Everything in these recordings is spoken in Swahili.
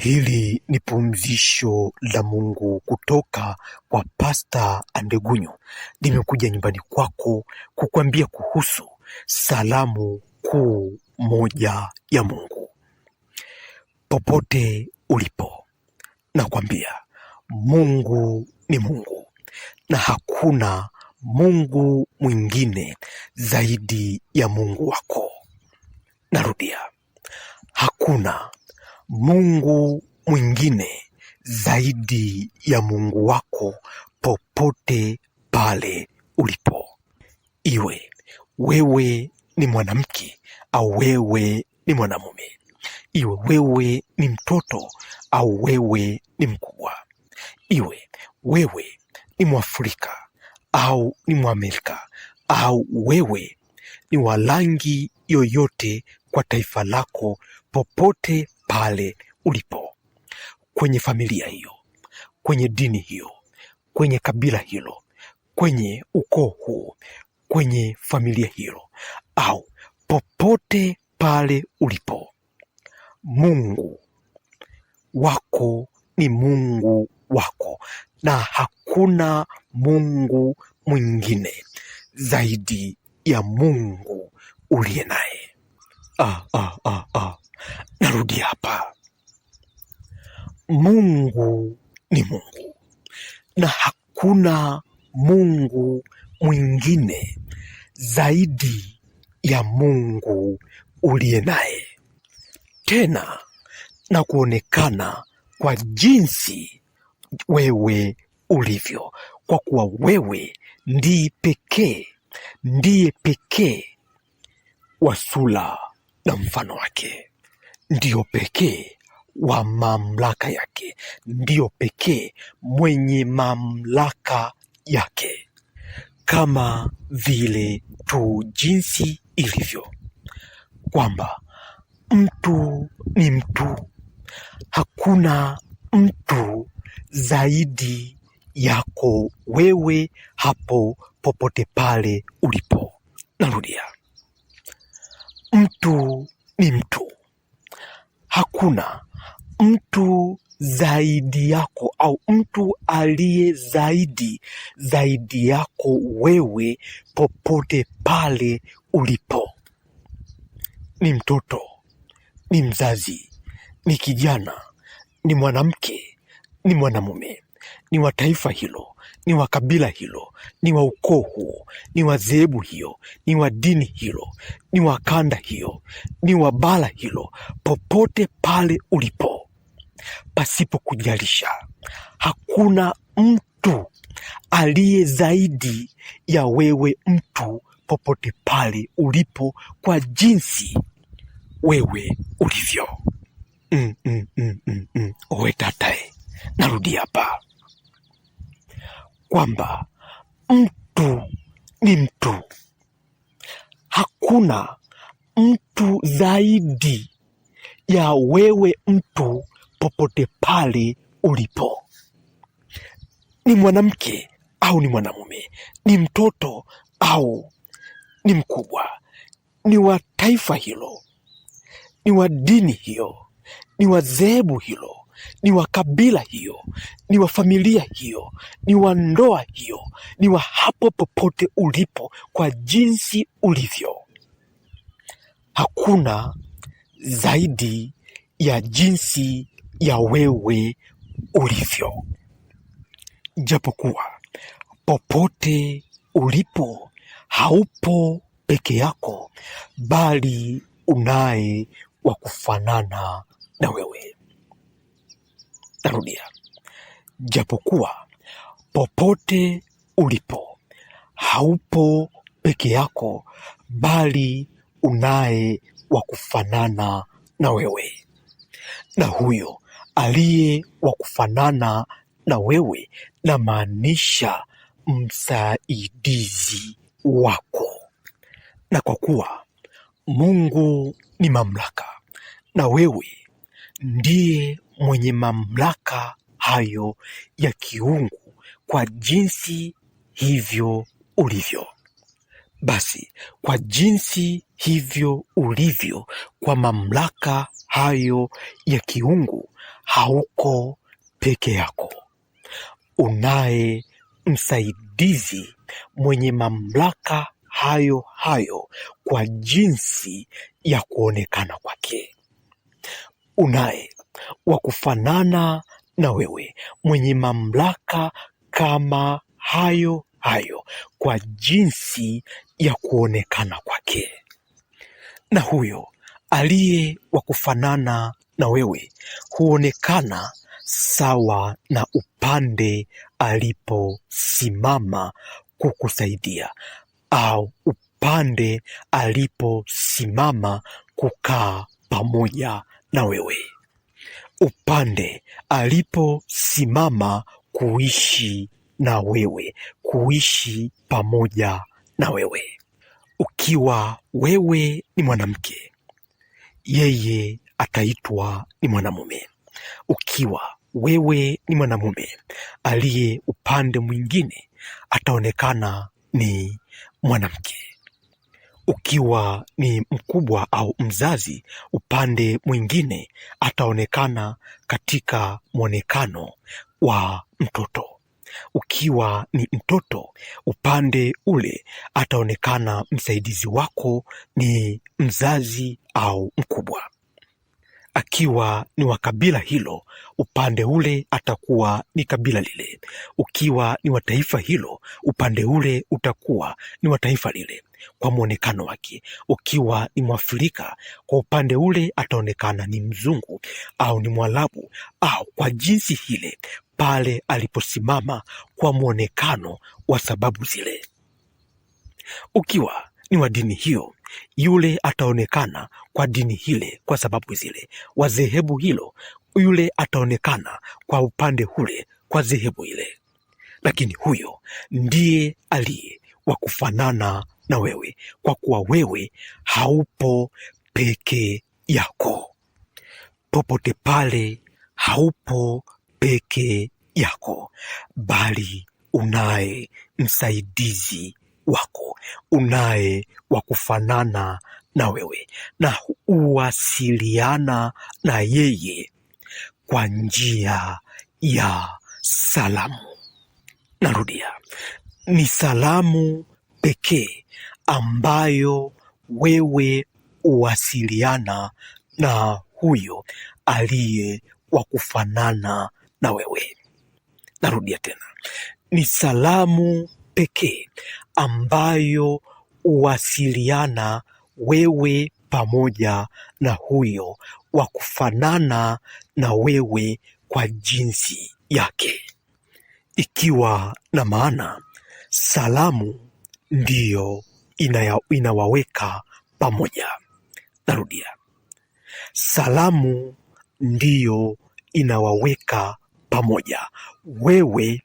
Hili ni pumzisho la Mungu kutoka kwa Pasta Andegunyo. Nimekuja nyumbani kwako kukuambia kuhusu salamu kuu moja ya Mungu. Popote ulipo, nakwambia Mungu ni Mungu na hakuna Mungu mwingine zaidi ya Mungu wako. Narudia, hakuna mungu mwingine zaidi ya Mungu wako popote pale ulipo, iwe wewe ni mwanamke au wewe ni mwanamume, iwe wewe ni mtoto au wewe ni mkubwa, iwe wewe ni Mwafrika au ni Mwamerika au wewe ni wa rangi yoyote, kwa taifa lako popote pale ulipo, kwenye familia hiyo, kwenye dini hiyo, kwenye kabila hilo, kwenye ukoo huo, kwenye familia hilo, au popote pale ulipo, Mungu wako ni Mungu wako na hakuna Mungu mwingine zaidi ya Mungu uliye naye. Ah, ah, ah, ah narudi hapa. Mungu ni Mungu na hakuna Mungu mwingine zaidi ya Mungu uliye naye, tena na kuonekana kwa jinsi wewe ulivyo, kwa kuwa wewe ndiye pekee ndiye pekee wa sura na mfano wake ndiyo pekee wa mamlaka yake, ndiyo pekee mwenye mamlaka yake, kama vile tu jinsi ilivyo kwamba mtu ni mtu, hakuna mtu zaidi yako wewe hapo popote pale ulipo. Narudia, mtu ni mtu, hakuna mtu zaidi yako au mtu aliye zaidi zaidi yako wewe popote pale ulipo. Ni mtoto, ni mzazi, ni kijana, ni mwanamke, ni mwanamume, ni wa taifa hilo, ni wa kabila hilo, ni wa ukoo huo, ni wa dhehebu hiyo, ni wa dini hilo, ni wa kanda hiyo, ni wa bara hilo, popote pale ulipo, pasipo kujalisha, hakuna mtu aliye zaidi ya wewe mtu, popote pale ulipo, kwa jinsi wewe ulivyo. mm, mm, mm, mm, mm. Owe tatae, narudia hapa kwamba mtu ni mtu, hakuna mtu zaidi ya wewe mtu popote pale ulipo. Ni mwanamke au ni mwanamume, ni mtoto au ni mkubwa, ni wa taifa hilo, ni wa dini hiyo, ni wa dhehebu hilo, ni wa kabila hiyo, ni wa familia hiyo, ni wa ndoa hiyo, ni wa hapo popote ulipo, kwa jinsi ulivyo. Hakuna zaidi ya jinsi ya wewe ulivyo, japokuwa popote ulipo haupo peke yako, bali unaye wa kufanana na wewe. Nitarudia, japokuwa popote ulipo haupo peke yako, bali unaye wa kufanana na wewe, na huyo aliye wa kufanana na wewe, na maanisha msaidizi wako. Na kwa kuwa Mungu ni mamlaka, na wewe ndiye mwenye mamlaka hayo ya kiungu kwa jinsi hivyo ulivyo. Basi kwa jinsi hivyo ulivyo, kwa mamlaka hayo ya kiungu, hauko peke yako, unaye msaidizi mwenye mamlaka hayo hayo kwa jinsi ya kuonekana kwake unaye wa kufanana na wewe, mwenye mamlaka kama hayo hayo kwa jinsi ya kuonekana kwake. Na huyo aliye wa kufanana na wewe huonekana sawa na upande aliposimama kukusaidia, au upande aliposimama kukaa pamoja na wewe upande aliposimama kuishi na wewe, kuishi pamoja na wewe. Ukiwa wewe ni mwanamke, yeye ataitwa ni mwanamume. Ukiwa wewe ni mwanamume, aliye upande mwingine ataonekana ni mwanamke. Ukiwa ni mkubwa au mzazi, upande mwingine ataonekana katika mwonekano wa mtoto. Ukiwa ni mtoto, upande ule ataonekana msaidizi wako ni mzazi au mkubwa akiwa ni wa kabila hilo, upande ule atakuwa ni kabila lile. Ukiwa ni wa taifa hilo, upande ule utakuwa ni wa taifa lile kwa mwonekano wake. Ukiwa ni Mwafrika, kwa upande ule ataonekana ni mzungu au ni Mwarabu au kwa jinsi hile pale aliposimama kwa mwonekano wa sababu zile. Ukiwa ni wa dini hiyo, yule ataonekana kwa dini hile, kwa sababu zile, wa dhehebu hilo, yule ataonekana kwa upande hule, kwa dhehebu ile. Lakini huyo ndiye aliye wa kufanana na wewe, kwa kuwa wewe haupo peke yako. Popote pale haupo peke yako, bali unaye msaidizi wako unaye wa kufanana na wewe na huwasiliana na yeye kwa njia ya salamu. Narudia, ni salamu pekee ambayo wewe huwasiliana na huyo aliye wa kufanana na wewe. Narudia tena, ni salamu pekee ambayo huwasiliana wewe pamoja na huyo wa kufanana na wewe kwa jinsi yake, ikiwa na maana salamu ndiyo inaya, inawaweka pamoja. Narudia, salamu ndiyo inawaweka pamoja wewe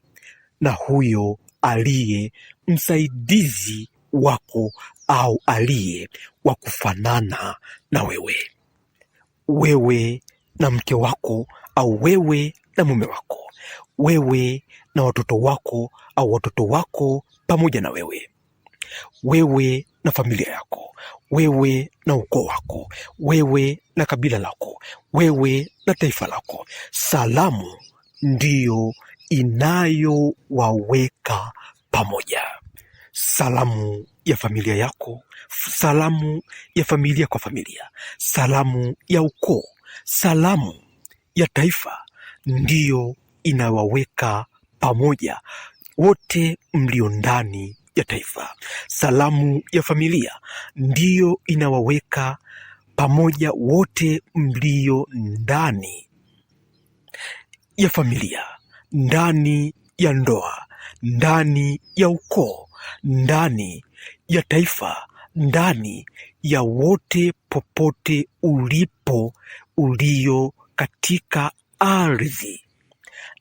na huyo aliye msaidizi wako au aliye wa kufanana na wewe, wewe na mke wako au wewe na mume wako, wewe na watoto wako au watoto wako pamoja na wewe, wewe na familia yako, wewe na ukoo wako, wewe na kabila lako, wewe na taifa lako. Salamu ndiyo inayowaweka pamoja. Salamu ya familia yako, salamu ya familia kwa familia, salamu ya ukoo, salamu ya taifa, ndiyo inawaweka pamoja wote mlio ndani ya taifa. Salamu ya familia ndiyo inawaweka pamoja wote mlio ndani ya familia ndani ya ndoa, ndani ya ukoo, ndani ya taifa, ndani ya wote, popote ulipo, ulio katika ardhi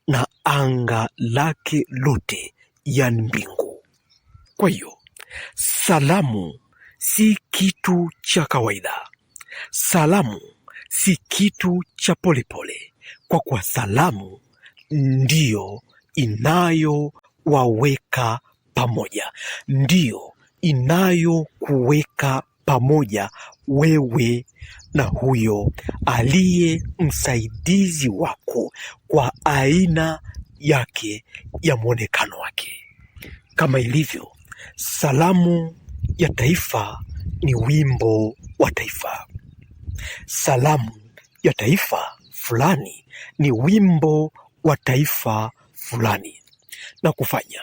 na anga lake lote, yani mbingu. Kwa hiyo salamu si kitu cha kawaida. Salamu si kitu cha polepole, kwa kuwa salamu ndiyo inayowaweka pamoja, ndiyo inayokuweka pamoja wewe na huyo aliye msaidizi wako kwa aina yake ya mwonekano wake. Kama ilivyo salamu ya taifa ni wimbo wa taifa. Salamu ya taifa fulani ni wimbo wa taifa fulani na kufanya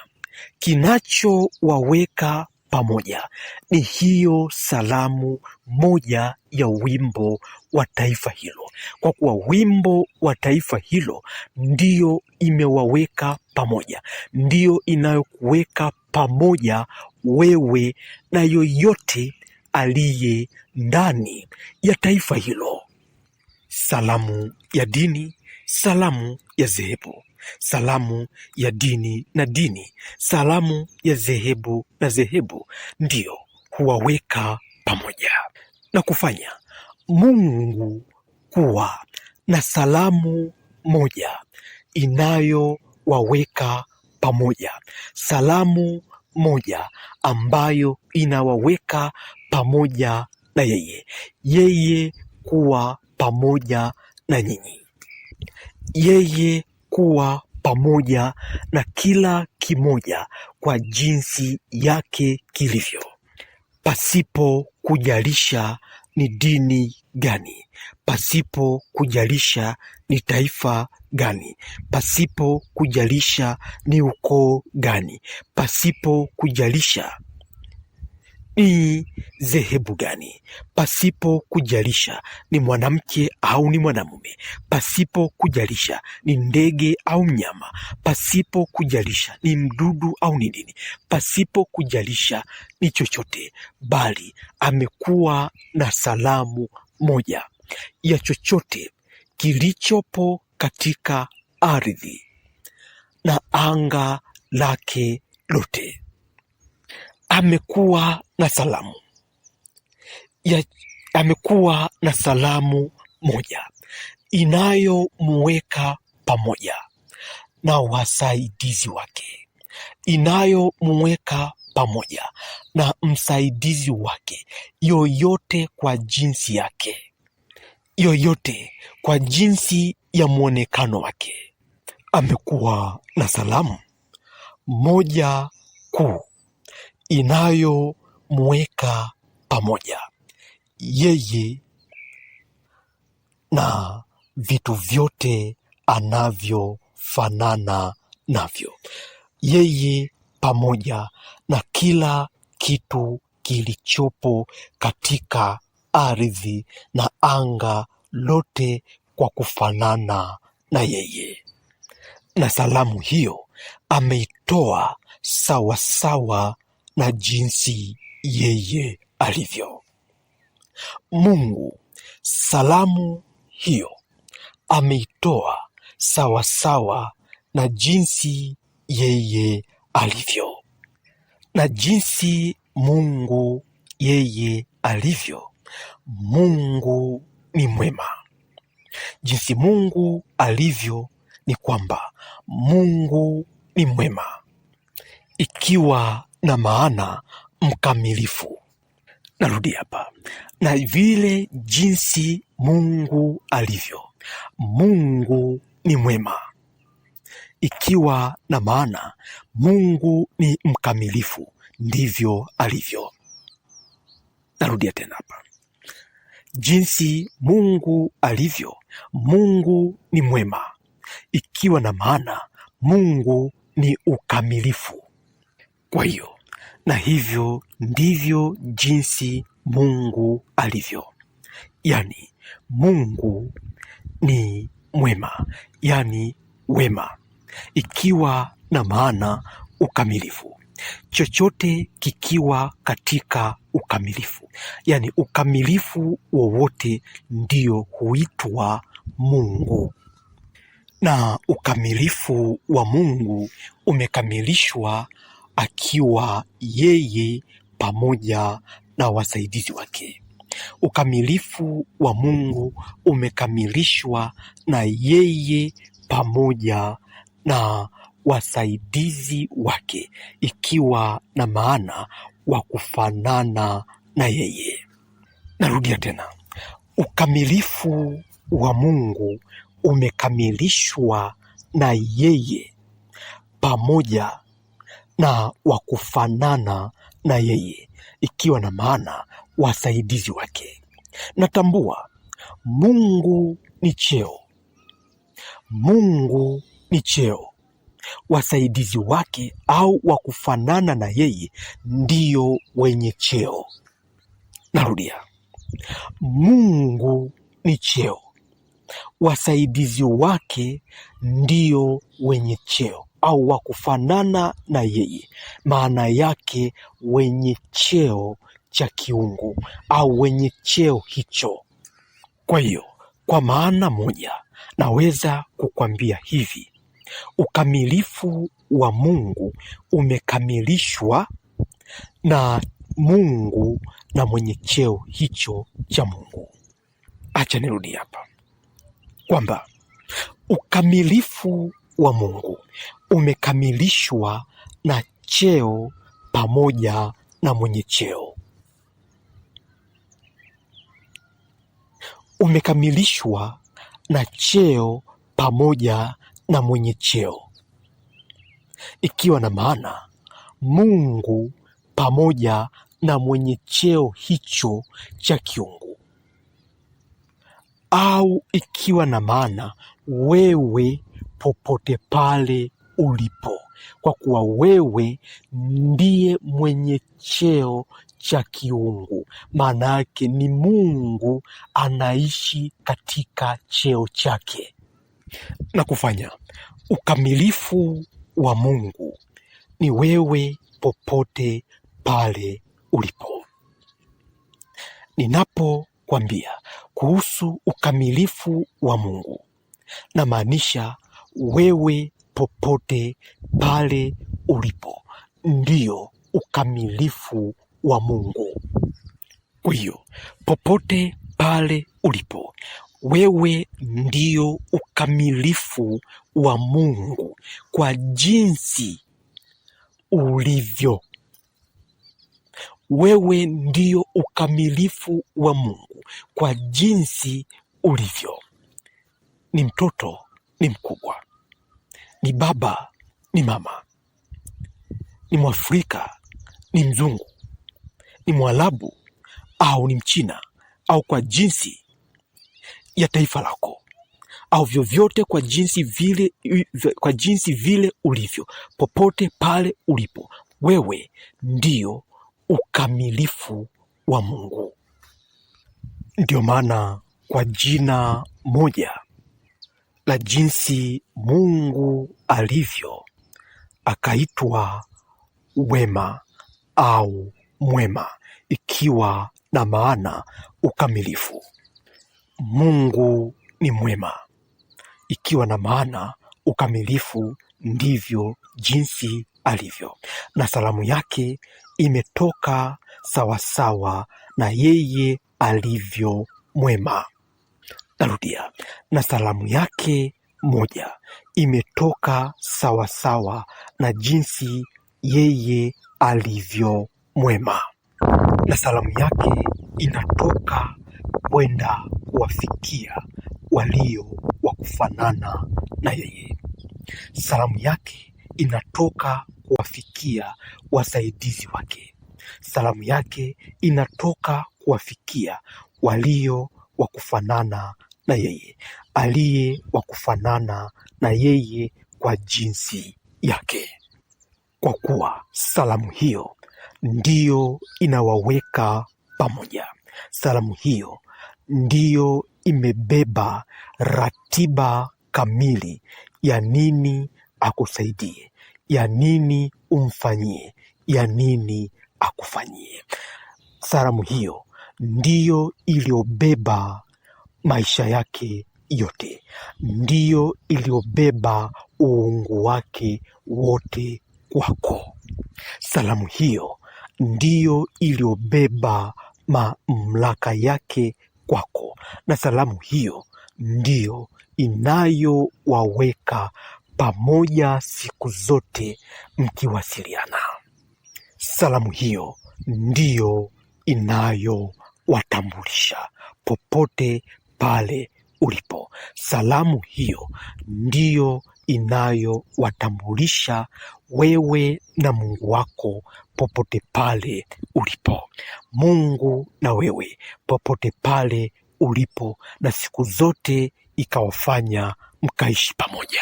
kinachowaweka pamoja ni hiyo salamu moja ya wimbo wa taifa hilo, kwa kuwa wimbo wa taifa hilo ndiyo imewaweka pamoja, ndiyo inayokuweka pamoja wewe na yoyote aliye ndani ya taifa hilo. Salamu ya dini Salamu ya zehebu salamu ya dini na dini, salamu ya zehebu na zehebu ndiyo huwaweka pamoja na kufanya Mungu kuwa na salamu moja inayowaweka pamoja, salamu moja ambayo inawaweka pamoja na yeye, yeye kuwa pamoja na nyinyi. Yeye kuwa pamoja na kila kimoja kwa jinsi yake kilivyo, pasipo kujalisha ni dini gani, pasipo kujalisha ni taifa gani, pasipo kujalisha ni ukoo gani, pasipo kujalisha ni dhehebu gani, pasipo kujalisha ni mwanamke au ni mwanamume, pasipo kujalisha ni ndege au mnyama, pasipo kujalisha ni mdudu au ni nini, pasipo kujalisha ni chochote, bali amekuwa na salamu moja ya chochote kilichopo katika ardhi na anga lake lote amekuwa na salamu ya, amekuwa na salamu moja inayomuweka pamoja na wasaidizi wake, inayomuweka pamoja na msaidizi wake yoyote kwa jinsi yake yoyote kwa jinsi ya mwonekano wake. Amekuwa na salamu moja kuu inayomweka pamoja yeye na vitu vyote anavyofanana navyo, yeye pamoja na kila kitu kilichopo katika ardhi na anga lote kwa kufanana na yeye. Na salamu hiyo ameitoa sawasawa na jinsi yeye alivyo. Mungu salamu hiyo ameitoa sawasawa na jinsi yeye alivyo, na jinsi Mungu yeye alivyo. Mungu ni mwema. Jinsi Mungu alivyo ni kwamba Mungu ni mwema. Ikiwa na maana mkamilifu. Narudi hapa na vile jinsi Mungu alivyo. Mungu ni mwema, ikiwa na maana Mungu ni mkamilifu, ndivyo alivyo. Narudia tena hapa, jinsi Mungu alivyo. Mungu ni mwema, ikiwa na maana Mungu ni ukamilifu, kwa hiyo na hivyo ndivyo jinsi Mungu alivyo, yani Mungu ni mwema, yaani wema, ikiwa na maana ukamilifu, chochote kikiwa katika ukamilifu, yani ukamilifu wowote ndio huitwa Mungu na ukamilifu wa Mungu umekamilishwa akiwa yeye pamoja na wasaidizi wake. Ukamilifu wa Mungu umekamilishwa na yeye pamoja na wasaidizi wake, ikiwa na maana wa kufanana na yeye. Narudia tena, ukamilifu wa Mungu umekamilishwa na yeye pamoja na wa kufanana na yeye, ikiwa na maana wasaidizi wake. Natambua Mungu ni cheo, Mungu ni cheo. Wasaidizi wake au wa kufanana na yeye ndiyo wenye cheo. Narudia, Mungu ni cheo, wasaidizi wake ndiyo wenye cheo au wa kufanana na yeye, maana yake wenye cheo cha kiungu au wenye cheo hicho. Kwa hiyo, kwa maana moja, naweza kukwambia hivi, ukamilifu wa Mungu umekamilishwa na Mungu na mwenye cheo hicho cha Mungu. Acha nirudi hapa kwamba ukamilifu wa Mungu umekamilishwa na cheo pamoja na mwenye cheo, umekamilishwa na cheo pamoja na mwenye cheo, ikiwa na maana Mungu pamoja na mwenye cheo hicho cha kiungu, au ikiwa na maana wewe popote pale ulipo, kwa kuwa wewe ndiye mwenye cheo cha kiungu. Maana yake ni Mungu anaishi katika cheo chake na kufanya ukamilifu wa Mungu ni wewe popote pale ulipo. Ninapokwambia kuhusu ukamilifu wa Mungu, namaanisha wewe popote pale ulipo ndio ukamilifu wa Mungu. Kwa hiyo popote pale ulipo wewe ndio ukamilifu wa Mungu kwa jinsi ulivyo. Wewe ndio ukamilifu wa Mungu kwa jinsi ulivyo. Ni mtoto, ni mkubwa ni baba, ni mama, ni Mwafrika, ni Mzungu, ni Mwarabu au ni Mchina au kwa jinsi ya taifa lako au vyovyote kwa jinsi vile, kwa jinsi vile ulivyo, popote pale ulipo, wewe ndiyo ukamilifu wa Mungu. Ndiyo maana kwa jina moja la jinsi Mungu alivyo, akaitwa wema au mwema, ikiwa na maana ukamilifu. Mungu ni mwema, ikiwa na maana ukamilifu, ndivyo jinsi alivyo, na salamu yake imetoka sawasawa na yeye alivyo mwema. Narudia, na salamu yake moja imetoka sawasawa sawa na jinsi yeye alivyo mwema, na salamu yake inatoka kwenda kuwafikia walio wa kufanana na yeye. Salamu yake inatoka kuwafikia wasaidizi wake. Salamu yake inatoka kuwafikia walio wa kufanana na yeye, aliye wa kufanana na yeye kwa jinsi yake, kwa kuwa salamu hiyo ndiyo inawaweka pamoja. Salamu hiyo ndiyo imebeba ratiba kamili ya nini akusaidie, ya nini umfanyie, ya nini akufanyie. Salamu hiyo ndiyo iliyobeba maisha yake yote, ndiyo iliyobeba uungu wake wote kwako. Salamu hiyo ndiyo iliyobeba mamlaka yake kwako, na salamu hiyo ndiyo inayowaweka pamoja siku zote mkiwasiliana. Salamu hiyo ndiyo inayowatambulisha popote pale ulipo. Salamu hiyo ndiyo inayowatambulisha wewe na Mungu wako popote pale ulipo. Mungu na wewe popote pale ulipo, na siku zote ikawafanya mkaishi pamoja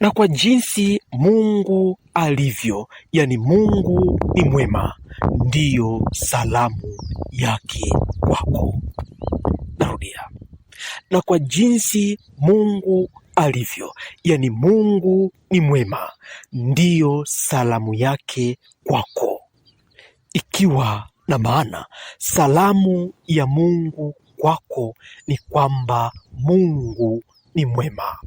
na kwa jinsi Mungu alivyo, yani Mungu ni mwema, ndiyo salamu yake kwako. Narudia, na kwa jinsi Mungu alivyo, yaani Mungu ni mwema, ndiyo salamu yake kwako, ikiwa na maana salamu ya Mungu kwako ni kwamba Mungu ni mwema.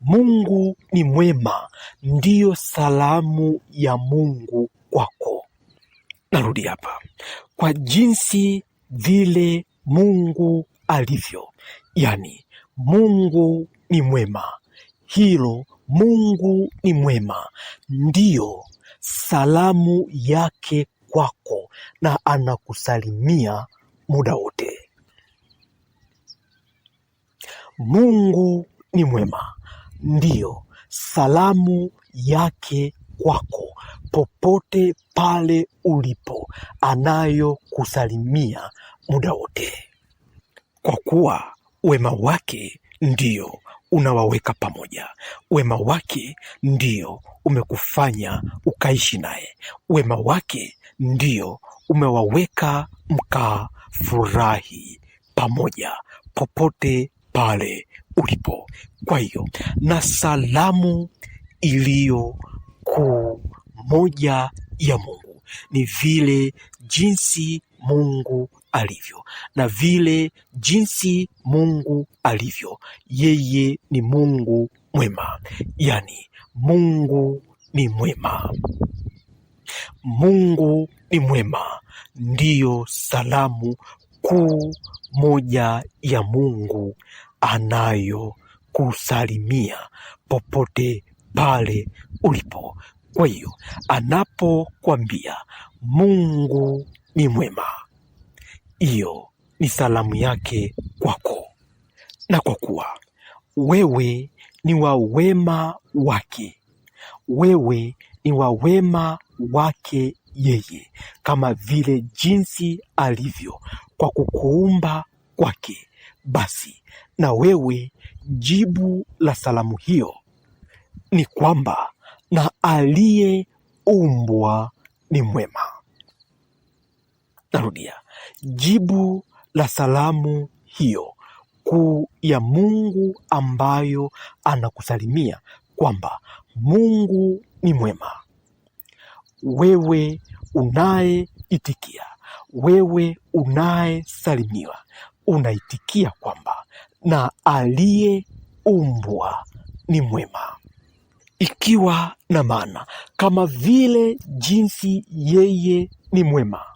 Mungu ni mwema, ndiyo salamu ya Mungu kwako. Narudi hapa, kwa jinsi vile Mungu alivyo yani Mungu ni mwema. Hilo Mungu ni mwema ndiyo salamu yake kwako, na anakusalimia muda wote. Mungu ni mwema ndiyo salamu yake kwako, popote pale ulipo, anayokusalimia muda wote, kwa kuwa Wema wake ndio unawaweka pamoja. Wema wake ndio umekufanya ukaishi naye. Wema wake ndio umewaweka mkafurahi pamoja popote pale ulipo. Kwa hiyo na salamu iliyo kuu moja ya Mungu ni vile jinsi Mungu alivyo na vile jinsi Mungu alivyo. Yeye ni Mungu mwema, yaani Mungu ni mwema. Mungu ni mwema, ndiyo salamu kuu moja ya Mungu anayokusalimia popote pale ulipo. Kwa hiyo anapokwambia Mungu ni mwema hiyo ni salamu yake kwako, na kwa kuwa wewe ni wa wema wake, wewe ni wa wema wake yeye, kama vile jinsi alivyo kwa kukuumba kwake, basi na wewe jibu la salamu hiyo ni kwamba na aliyeumbwa ni mwema. Narudia, jibu la salamu hiyo kuu ya Mungu ambayo anakusalimia kwamba Mungu ni mwema. Wewe unayeitikia, wewe unayesalimiwa, unaitikia kwamba na aliyeumbwa ni mwema, ikiwa na maana kama vile jinsi yeye ni mwema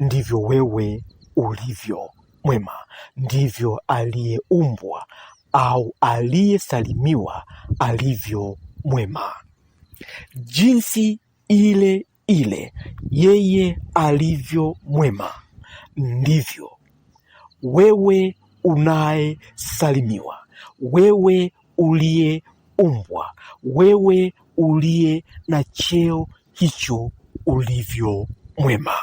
ndivyo wewe ulivyo mwema, ndivyo aliyeumbwa au aliyesalimiwa alivyo mwema. Jinsi ile ile yeye alivyo mwema, ndivyo wewe unayesalimiwa, wewe uliyeumbwa, wewe uliye na cheo hicho ulivyo mwema.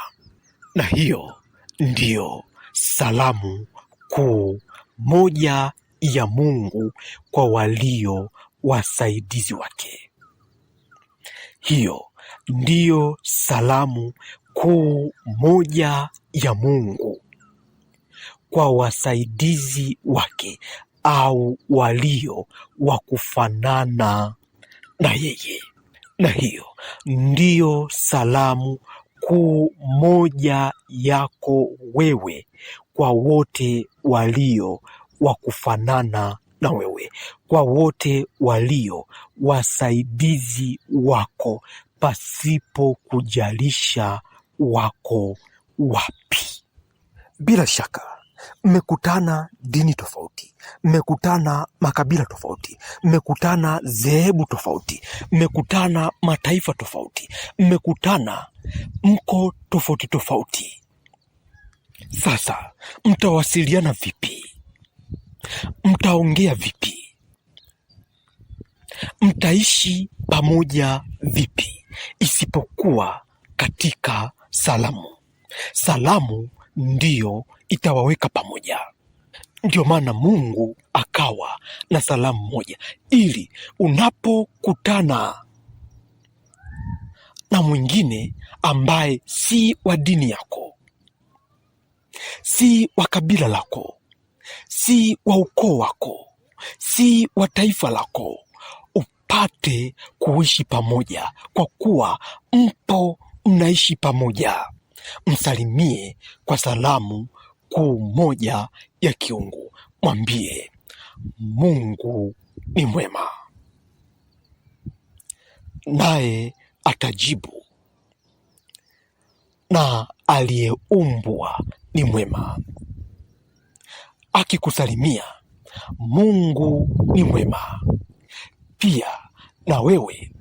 Na hiyo ndiyo salamu kuu moja ya Mungu kwa walio wasaidizi wake. Hiyo ndiyo salamu kuu moja ya Mungu kwa wasaidizi wake au walio wa kufanana na yeye. Na hiyo ndiyo salamu kuu moja yako wewe kwa wote walio wa kufanana na wewe, kwa wote walio wasaidizi wako, pasipo kujalisha wako wapi. Bila shaka mmekutana dini tofauti, mmekutana makabila tofauti, mmekutana dhehebu tofauti, mmekutana mataifa tofauti, mmekutana mko tofauti tofauti. Sasa mtawasiliana vipi? Mtaongea vipi? Mtaishi pamoja vipi? Isipokuwa katika salamu. Salamu ndiyo itawaweka pamoja. Ndio maana Mungu akawa na salamu moja, ili unapokutana na mwingine ambaye si wa dini yako, si wa kabila lako, si wa ukoo wako, si wa taifa lako, upate kuishi pamoja, kwa kuwa mpo mnaishi pamoja. Msalimie kwa salamu kuu moja ya kiungu, mwambie Mungu ni mwema, naye atajibu, na aliyeumbwa ni mwema. Akikusalimia Mungu ni mwema pia. Na wewe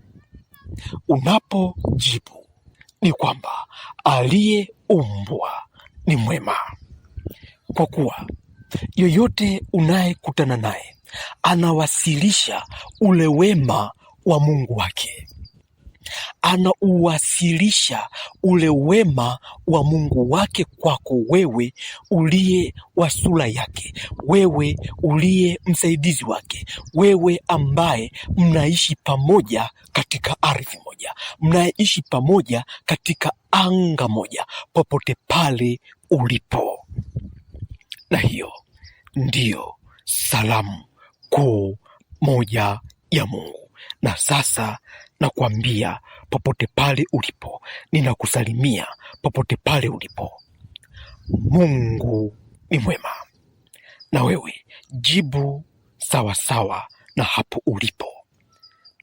unapojibu ni kwamba aliyeumbwa ni mwema kwa kuwa yoyote unayekutana naye anawasilisha ule wema wa Mungu wake, anauwasilisha ule wema wa Mungu wake kwako wewe uliye wa sura yake, wewe uliye msaidizi wake, wewe ambaye mnaishi pamoja katika ardhi moja, mnaishi pamoja katika anga moja, popote pale ulipo na hiyo ndiyo salamu kuu moja ya Mungu. Na sasa nakwambia, popote pale ulipo, ninakusalimia popote pale ulipo. Mungu ni mwema, na wewe jibu sawasawa sawa na hapo ulipo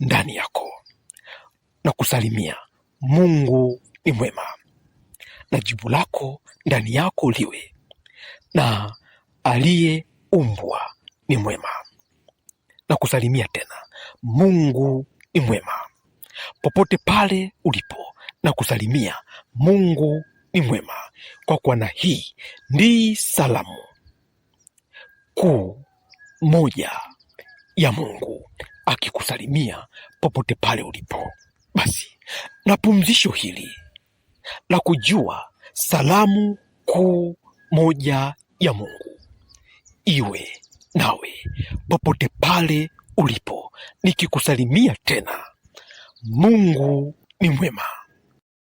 ndani yako. Nakusalimia, Mungu ni mwema, na jibu lako ndani yako liwe na aliyeumbwa ni mwema. Na kusalimia tena, Mungu ni mwema popote pale ulipo, na kusalimia, Mungu ni mwema. Kwa kuwa na hii ndi salamu kuu moja ya Mungu akikusalimia popote pale ulipo. Basi na pumzisho hili la kujua salamu kuu moja ya Mungu iwe nawe popote pale ulipo, nikikusalimia tena. Mungu ni mwema.